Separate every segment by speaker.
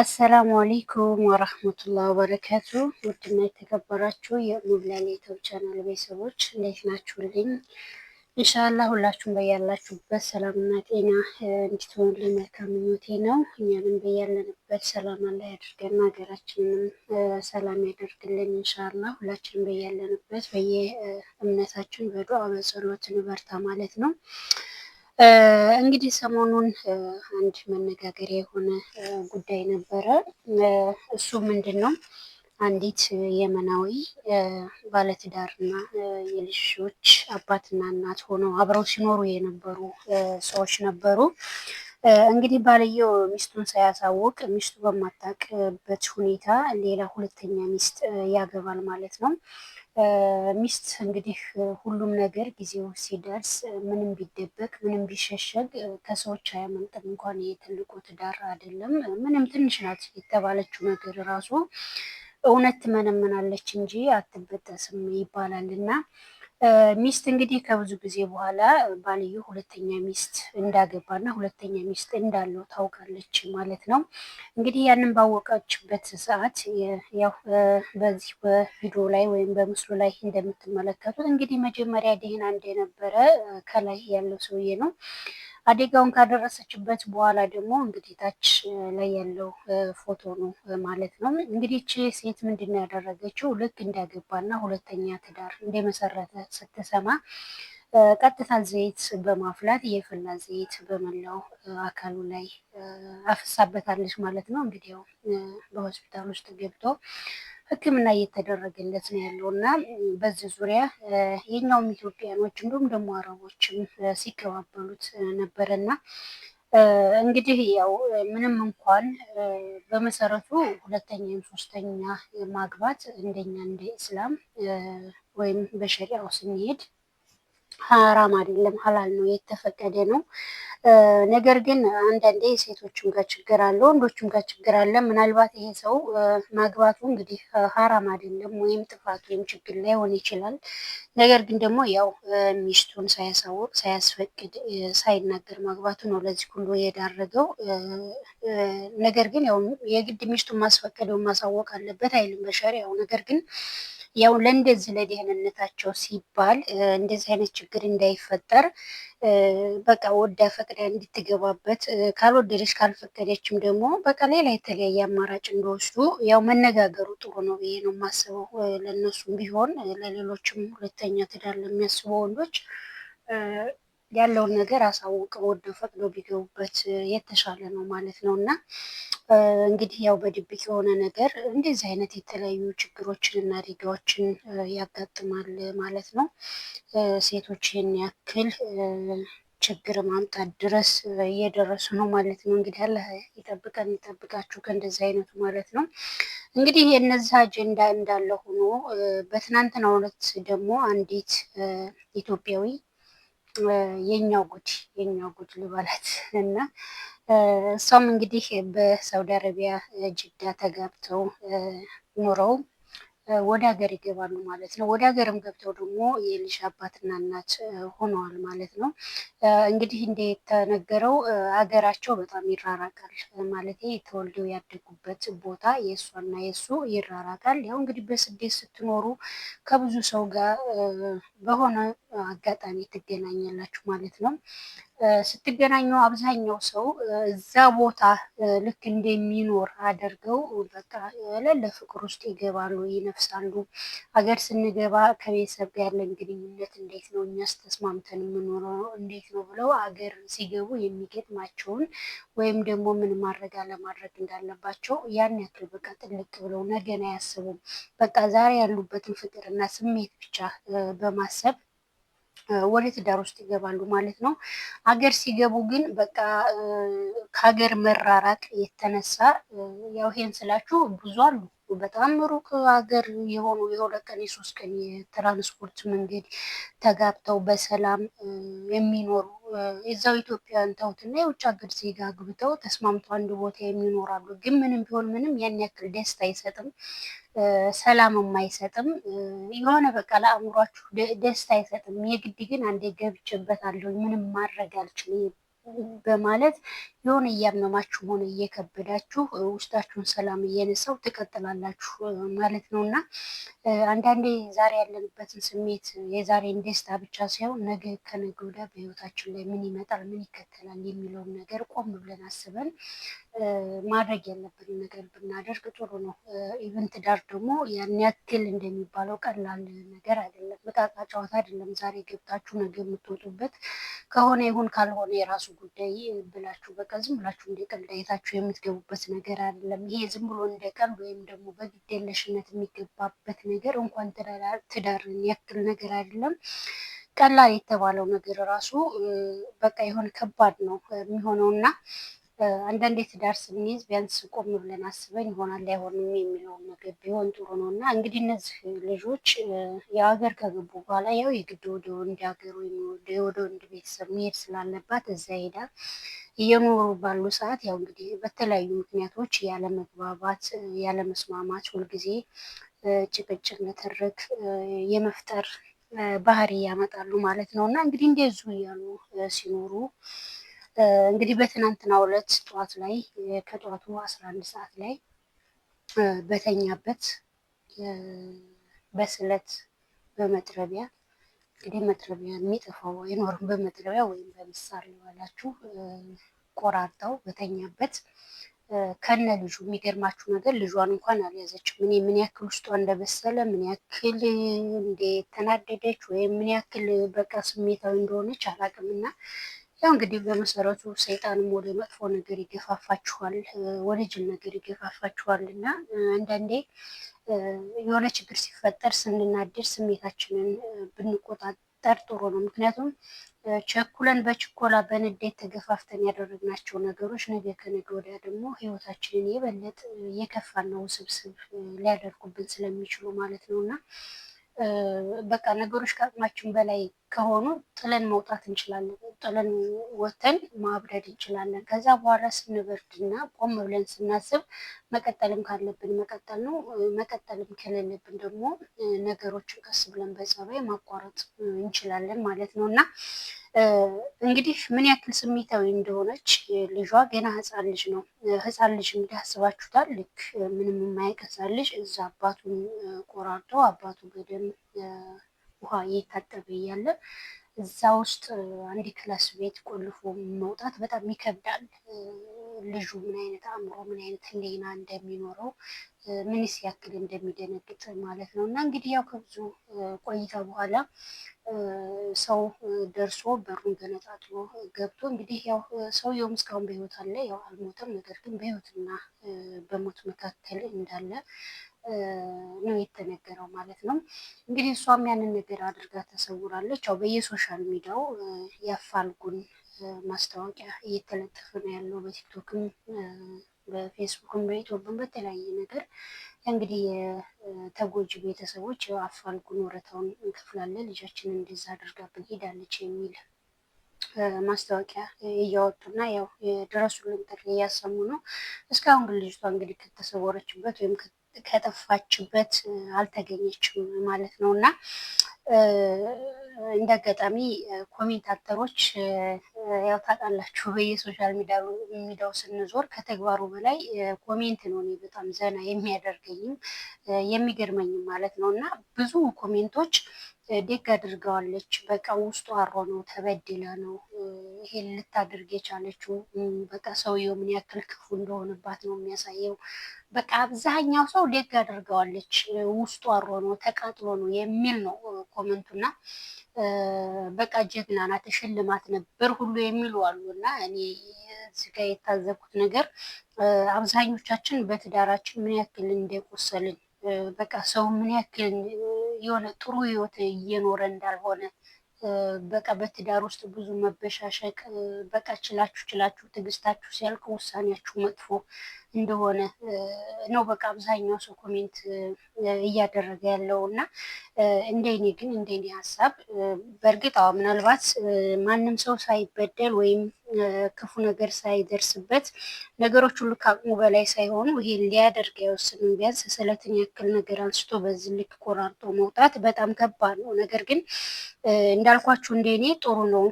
Speaker 1: አሰላሙ አሌይኩም ወረህመቱላህ ወበረከቱ። ውድና የተከበራችሁ የሙብላሌ ቻናል ቤተሰቦች እንዴት ናችሁልኝ? እንሻላ ሁላችሁም በያላችሁበት ሰላምና ጤና እንድትሆኑልኝ መልካም ምኞቴ ነው። እኛንም በያለንበት ሰላም አላህ ያድርገን፣ ሀገራችንንም ሰላም ያደርግልን። እንሻላ ሁላችንም በያለንበት በየእምነታችን በዱዓ በጸሎት ንበርታ ማለት ነው። እንግዲህ ሰሞኑን አንድ መነጋገሪያ የሆነ ጉዳይ ነበረ። እሱ ምንድን ነው? አንዲት የመናዊ ባለትዳርና የልጆች አባትና እናት ሆነው አብረው ሲኖሩ የነበሩ ሰዎች ነበሩ። እንግዲህ ባልየው ሚስቱን ሳያሳውቅ ሚስቱ በማታውቅበት ሁኔታ ሌላ ሁለተኛ ሚስት ያገባል ማለት ነው። ሚስት እንግዲህ ሁሉም ነገር ጊዜው ሲደርስ ምንም ቢደበቅ ምንም ቢሸሸግ ከሰዎች አያመልጥም። እንኳን የትልቁ ትዳር አይደለም ምንም ትንሽ ናት የተባለችው ነገር ራሱ እውነት ትመነመናለች እንጂ አትበጠስም ይባላል እና ሚስት እንግዲህ ከብዙ ጊዜ በኋላ ባልዩ ሁለተኛ ሚስት እንዳገባና ሁለተኛ ሚስት እንዳለው ታውቃለች ማለት ነው። እንግዲህ ያንን ባወቀችበት ሰዓት ያው በዚህ በቪዲዮ ላይ ወይም በምስሉ ላይ እንደምትመለከቱት እንግዲህ መጀመሪያ ደህና እንደነበረ ከላይ ያለው ሰውዬ ነው። አደጋውን ካደረሰችበት በኋላ ደግሞ እንግዲህ ታች ላይ ያለው ፎቶ ነው ማለት ነው። እንግዲህ እቺ ሴት ምንድን ያደረገችው ልክ እንዳገባና ሁለተኛ ትዳር እንደመሰረተ ስትሰማ ቀጥታ ዘይት በማፍላት የፈላ ዘይት በመላው አካሉ ላይ አፍሳበታለች ማለት ነው። እንግዲህ በሆስፒታል ውስጥ ገብቶ ህክምና እየተደረገለት ነው ያለው እና በዚህ ዙሪያ የኛውም ኢትዮጵያኖች እንዲሁም ደግሞ አረቦችም ሲገባበሉት ነበረ እና እንግዲህ ያው ምንም እንኳን በመሰረቱ ሁለተኛም ሶስተኛ ማግባት እንደኛ እንደ ኢስላም ወይም በሸሪያው ስንሄድ ሀራም አይደለም፣ ሀላል ነው፣ የተፈቀደ ነው። ነገር ግን አንዳንዴ ሴቶችም ጋር ችግር አለ፣ ወንዶችም ጋር ችግር አለ። ምናልባት ይሄ ሰው ማግባቱ እንግዲህ ሀራም አይደለም ወይም ጥፋት ወይም ችግር ላይሆን ይችላል። ነገር ግን ደግሞ ያው ሚስቱን ሳያሳውቅ ሳያስፈቅድ ሳይናገር ማግባቱ ነው ለዚህ ሁሉ የዳረገው። ነገር ግን ያው የግድ ሚስቱን ማስፈቀደው ማሳወቅ አለበት አይልም በሸሪያው ነገር ግን ያው ለእንደዚህ ለደህንነታቸው ሲባል እንደዚህ አይነት ችግር እንዳይፈጠር በቃ ወዳ ፈቅዳ እንድትገባበት ካልወደደች ካልፈቀደችም ደግሞ በቃ ሌላ የተለያየ አማራጭ እንደወስዱ ያው መነጋገሩ ጥሩ ነው ይሄ ነው የማስበው። ለእነሱም ቢሆን ለሌሎችም ሁለተኛ ትዳር ለሚያስበው ወንዶች ያለውን ነገር አሳውቅ ወደው ፈቅደው ቢገቡበት የተሻለ ነው ማለት ነው። እና እንግዲህ ያው በድብቅ የሆነ ነገር እንደዚህ አይነት የተለያዩ ችግሮችን እና አደጋዎችን ያጋጥማል ማለት ነው። ሴቶች ይህን ያክል ችግር ማምጣት ድረስ እየደረሱ ነው ማለት ነው። እንግዲህ አለ ይጠብቀን ይጠብቃችሁ ከእንደዚህ አይነቱ ማለት ነው። እንግዲህ የእነዚህ አጀንዳ እንዳለ ሆኖ በትናንትናው ዕለት ደግሞ አንዲት ኢትዮጵያዊ የኛው ጉድ የኛው ጉድ ልበላት እና እሷም እንግዲህ በሳውዲ አረቢያ ጅዳ ተጋብተው ኑረው ወደ ሀገር ይገባሉ ማለት ነው። ወደ ሀገርም ገብተው ደግሞ የልጅ አባትና እናት ሆነዋል ማለት ነው። እንግዲህ እንደተነገረው ሀገራቸው በጣም ይራራቃል ማለት ተወልደው ያደጉበት ቦታ የእሷና የእሱ ይራራቃል። ያው እንግዲህ በስደት ስትኖሩ ከብዙ ሰው ጋር በሆነ አጋጣሚ ትገናኛላችሁ ማለት ነው። ስትገናኙ አብዛኛው ሰው እዛ ቦታ ልክ እንደሚኖር አድርገው በቃ ለለ ፍቅር ውስጥ ይገባሉ፣ ይነፍሳሉ። ሀገር ስንገባ ከቤተሰብ ጋር ያለን ግንኙነት እንዴት ነው፣ እኛስ ተስማምተን የምኖረው እንዴት ነው ብለው ሀገር ሲገቡ የሚገጥማቸውን ወይም ደግሞ ምን ማድረግ አለማድረግ እንዳለባቸው ያን ያክል በቃ ጥልቅ ብለው ነገን አያስቡም። በቃ ዛሬ ያሉበትን ፍቅርና ስሜት ብቻ በማሰብ ወደ ትዳር ውስጥ ይገባሉ ማለት ነው። ሀገር ሲገቡ ግን በቃ ከሀገር መራራቅ የተነሳ ያው ይሄን ስላችሁ ብዙ አሉ በጣም ሩቅ ሀገር የሆኑ የሁለት ቀን የሶስት ቀን የትራንስፖርት መንገድ ተጋብተው በሰላም የሚኖሩ የዛው ኢትዮጵያን ተውትና የውጭ ሀገር ዜጋ አግብተው ተስማምተው አንድ ቦታ የሚኖራሉ። ግን ምንም ቢሆን ምንም ያን ያክል ደስታ አይሰጥም። ሰላም የማይሰጥም የሆነ በቃ ለአእምሯችሁ ደስታ አይሰጥም። የግድ ግን አንዴ ገብቼበታለሁ ምንም ማድረግ አልችልም በማለት የሆነ እያመማችሁ ሆነ እየከበዳችሁ ውስጣችሁን ሰላም እየነሳው ትቀጥላላችሁ ማለት ነው እና አንዳንዴ ዛሬ ያለንበትን ስሜት የዛሬን ደስታ ብቻ ሳይሆን ነገ ከነገ ወዲያ በህይወታችን ላይ ምን ይመጣል፣ ምን ይከተላል የሚለውን ነገር ቆም ብለን አስበን ማድረግ ያለብን ነገር ብናደርግ ጥሩ ነው። ኢቨን ትዳር ደግሞ ያን ያክል እንደሚባለው ቀላል ነገር አይደለም። በቃቃ ጨዋታ አይደለም። ዛሬ ገብታችሁ ነገ የምትወጡበት ከሆነ ይሁን ካልሆነ የራሱ ጉዳይ ብላችሁ በቃ በቃ ዝም ብላችሁ እንደ ቀልድ አይታችሁ የምትገቡበት ነገር አይደለም። ይሄ ዝም ብሎ እንደ ቀልድ ወይም ደግሞ በግዴለሽነት የሚገባበት ነገር እንኳን ትዳርን ያክል ነገር አይደለም። ቀላል የተባለው ነገር ራሱ በቃ የሆነ ከባድ ነው የሚሆነው እና አንዳንዴ ትዳር ስንይዝ ቢያንስ ቆም ብለን አስበን ይሆናል አይሆንም የሚለውን ነገር ቢሆን ጥሩ ነው እና እንግዲህ እነዚህ ልጆች የሀገር ከገቡ በኋላ ያው የግድ ወደ ወንድ ሀገር ወይም ወደ ወንድ ቤተሰብ መሄድ ስላለባት እዛ ሄዳ እየኖሩ ባሉ ሰዓት ያው እንግዲህ በተለያዩ ምክንያቶች ያለመግባባት፣ ያለመስማማት ሁልጊዜ ጭቅጭቅ፣ ንትርክ የመፍጠር ባህሪ ያመጣሉ ማለት ነው እና እንግዲህ እንደዙ እያሉ ሲኖሩ እንግዲህ በትናንትናው ዕለት ጠዋት ላይ ከጠዋቱ አስራ አንድ ሰዓት ላይ በተኛበት በስለት በመጥረቢያ እንግዲህ መጥረቢያ የሚጥፈው አይኖርም። በመጥረቢያ ወይም በምሳር ሊዋላችሁ ቆራርጠው በተኛበት ከነ ልጁ የሚገርማችሁ ነገር ልጇን እንኳን አልያዘችም። እኔ ምን ያክል ውስጧ እንደበሰለ ምን ያክል እንደተናደደች ወይም ምን ያክል በቃ ስሜታዊ እንደሆነች አላቅምና ያው እንግዲህ በመሰረቱ ሰይጣንም ወደ መጥፎ ነገር ይገፋፋችኋል፣ ወደ ጅን ነገር ይገፋፋችኋል እና አንዳንዴ የሆነ ችግር ሲፈጠር ስንናደድ ስሜታችንን ብንቆጣጠር ጥሩ ነው። ምክንያቱም ቸኩለን በችኮላ በንዴት ተገፋፍተን ያደረግናቸው ነገሮች ነገ ከነገ ወዲያ ደግሞ ሕይወታችንን የበለጠ የከፋና ውስብስብ ሊያደርጉብን ስለሚችሉ ማለት ነው እና በቃ ነገሮች ከአቅማችን በላይ ከሆኑ ጥለን መውጣት እንችላለን። ጥለን ወተን ማብረድ እንችላለን። ከዛ በኋላ ስንበርድና ቆም ብለን ስናስብ መቀጠልም ካለብን መቀጠል ነው። መቀጠልም ከሌለብን ደግሞ ነገሮችን ቀስ ብለን በጸባይ ማቋረጥ እንችላለን ማለት ነው እና እንግዲህ ምን ያክል ስሜታዊ እንደሆነች ልጇ ገና ህፃን ልጅ ነው። ህፃን ልጅ እንግዲህ አስባችሁታል። ልክ ምንም የማያውቅ ህፃን ልጅ እዛ አባቱን ቆራርጠው አባቱ በደም ውሃ እየታጠበ እያለ እዛ ውስጥ አንድ ክላስ ቤት ቆልፎ መውጣት በጣም ይከብዳል። ልጁ ምን አይነት አእምሮ፣ ምን አይነት ህሊና እንደሚኖረው ምንስ ያክል እንደሚደነግጥ ማለት ነው። እና እንግዲህ ያው ከብዙ ቆይታ በኋላ ሰው ደርሶ በሩን ገነጣጥሎ ገብቶ እንግዲህ ያው ሰውየውም እስካሁን በህይወት አለ። ያው አልሞተም፣ ነገር ግን በህይወትና በሞት መካከል እንዳለ ነው የተነገረው ማለት ነው። እንግዲህ እሷም ያንን ነገር አድርጋ ተሰውራለች። ያው በየሶሻል ሚዲያው የአፋልጉን ማስታወቂያ እየተለጠፈ ነው ያለው በቲክቶክም በፌስቡክም በኢትዮጵም በተለያየ ነገር እንግዲህ የተጎጂ ቤተሰቦች አፋልጉን ወረታውን እንከፍላለን ልጃችንን እንደዛ አድርጋብን ሄዳለች የሚል ማስታወቂያ እያወጡና ያው የድረሱልን ጥሪ እያሰሙ ነው። እስካሁን ግን ልጅቷ እንግዲህ ከተሰወረችበት ወይም ከጠፋችበት አልተገኘችም ማለት ነው እና እንደ አጋጣሚ ኮሜንታተሮች ያው ታውቃላችሁ በየሶሻል ሚዲያው ስንዞር ከተግባሩ በላይ ኮሜንት ነው እኔ በጣም ዘና የሚያደርገኝም የሚገርመኝም ማለት ነው እና ብዙ ኮሜንቶች ዴግ አድርገዋለች። በቃ ውስጡ አሮ ነው ተበድላ ነው ይሄን ልታደርግ የቻለችው። በቃ ሰውየው ምን ያክል ክፉ እንደሆነባት ነው የሚያሳየው። በቃ አብዛኛው ሰው ደግ አድርገዋለች፣ ውስጡ አሮ ነው ተቃጥሎ ነው የሚል ነው ኮመንቱና በቃ ጀግና ናት፣ ሽልማት ነበር ሁሉ የሚሉ አሉ እና እኔ እዚህ ጋ የታዘብኩት ነገር አብዛኞቻችን በትዳራችን ምን ያክል እንደቆሰልን በቃ ሰው ምን ያክል የሆነ ጥሩ ህይወት እየኖረ እንዳልሆነ በቃ በትዳር ውስጥ ብዙ መበሻሸቅ፣ በቃ ችላችሁ ችላችሁ ትዕግስታችሁ ሲያልቅ ውሳኔያችሁ መጥፎ እንደሆነ ነው በቃ አብዛኛው ሰው ኮሜንት እያደረገ ያለው እና እንደኔ ግን እንደኔ ሀሳብ በእርግጥ ምናልባት ማንም ሰው ሳይበደል ወይም ክፉ ነገር ሳይደርስበት ነገሮች ሁሉ ከአቅሙ በላይ ሳይሆኑ ይሄ ሊያደርግ አይወስንም። ቢያንስ ስለትን ያክል ነገር አንስቶ በዚህ ልክ ቆራርጦ መውጣት በጣም ከባድ ነው። ነገር ግን እንዳልኳችሁ እንደኔ ጥሩ ነው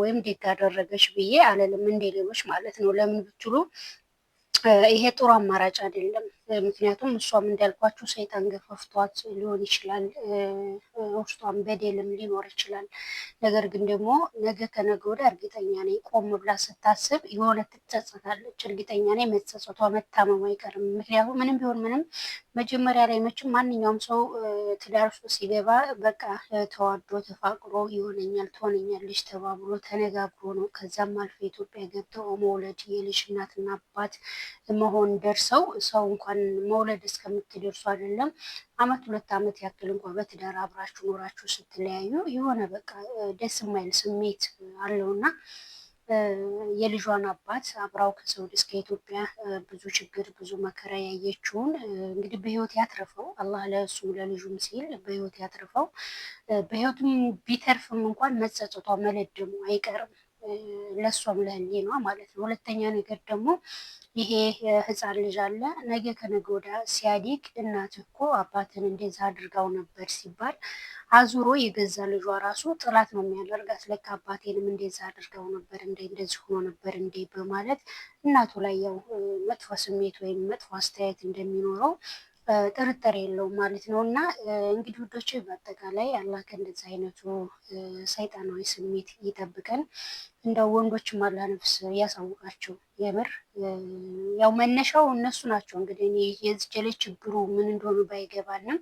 Speaker 1: ወይም ደግ አደረገች ብዬ አለልም እንደሌሎች ማለት ነው። ለምን ብትሉ ይሄ ጥሩ አማራጭ አይደለም። ምክንያቱም እሷም እንዳልኳችሁ ሰይጣን ገፈፍቷት ሊሆን ይችላል፣ ውስጧን በደልም ሊኖር ይችላል። ነገር ግን ደግሞ ነገ ከነገ ወደ እርግጠኛ ነኝ ቆም ብላ ስታስብ የሆነ ትጸጸታለች። እርግጠኛ ነኝ መጸጸቷ መታመሙ አይቀርም። ምክንያቱም ምንም ቢሆን ምንም መጀመሪያ ላይ መቼም ማንኛውም ሰው ትዳር ውስጥ ሲገባ በቃ ተዋዶ ተፋቅሮ ይሆነኛል ትሆነኛለች ተባብሎ ተነጋግሮ ነው። ከዛም አልፎ ኢትዮጵያ ገብተው መውለድ የልጅ እናትና አባት መሆን ደርሰው ሰው እንኳን እንኳን መውለድ እስከምትደርሱ አይደለም አመት ሁለት አመት ያክል እንኳ በትዳር አብራችሁ ኖራችሁ ስትለያዩ የሆነ በቃ ደስ የማይል ስሜት አለውና የልጇን አባት አብራው ከሳውዲ እስከ ኢትዮጵያ ብዙ ችግር ብዙ መከራ ያየችውን እንግዲህ በህይወት ያትርፈው አላህ ለእሱ ለልጁም ሲል በህይወት ያትርፈው። በህይወትም ቢተርፍም እንኳን መጸጸቷ መለደሙ አይቀርም። ለእሷም ለህሌኗ ማለት ነው። ሁለተኛ ነገር ደግሞ ይሄ ህፃን ልጅ አለ ነገ ከነገ ወዲያ ሲያድግ እናት እኮ አባትን እንደዛ አድርጋው ነበር ሲባል አዙሮ የገዛ ልጇ ራሱ ጥላት ነው የሚያደርጋት። ለካ አባቴንም እንደዛ አድርገው ነበር እንደ እንደዚህ ሆኖ ነበር እንዴ በማለት እናቱ ላይ ያው መጥፎ ስሜት ወይም መጥፎ አስተያየት እንደሚኖረው ጥርጥር የለውም ማለት ነው። እና እንግዲህ ውዶች በአጠቃላይ አላህ ከእንደዚህ አይነቱ ሰይጣናዊ ስሜት ይጠብቀን። እንደው ወንዶችም አላህ ነፍስ ያሳውቃቸው። የምር ያው መነሻው እነሱ ናቸው። እንግዲህ የዝጀለ ችግሩ ምን እንደሆኑ ባይገባንም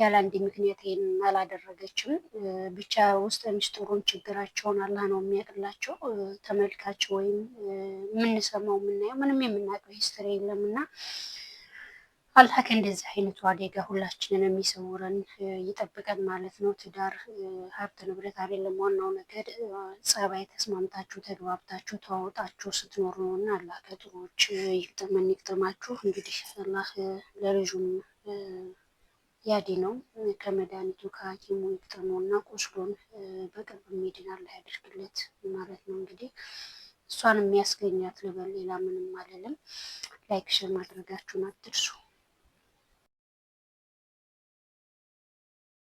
Speaker 1: ያለ አንድ ምክንያት ይሄን አላደረገችም። ብቻ ውስጥ ሚስጥሩን ችግራቸውን አላህ ነው የሚያቅላቸው። ተመልካች ወይም የምንሰማው የምናየው ምንም የምናውቀው ሂስትሪ የለም እና አላህ ከእንደዚህ አይነቱ አደጋ ሁላችንን የሚሰውረን ይጠብቀን ማለት ነው። ትዳር ሀብት ንብረት አይደለም። ዋናው ነገር ጸባይ ተስማምታችሁ ተግባብታችሁ ተዋውጣችሁ ስትኖሩ ነው እና አላህ ከጥሮች ይግጠመን እንግዲህ አላህ ለልጁም ያዲ ነው ከመድኃኒቱ ከሐኪሙ ይግጠመው እና ቁስሉን በቅርብ የሚድን አላህ ያደርግለት ማለት ነው። እንግዲህ እሷን የሚያስገኛት ልበል፣ ሌላ ምንም አልልም። ላይክ ሸር ማድረጋችሁን አትርሱ።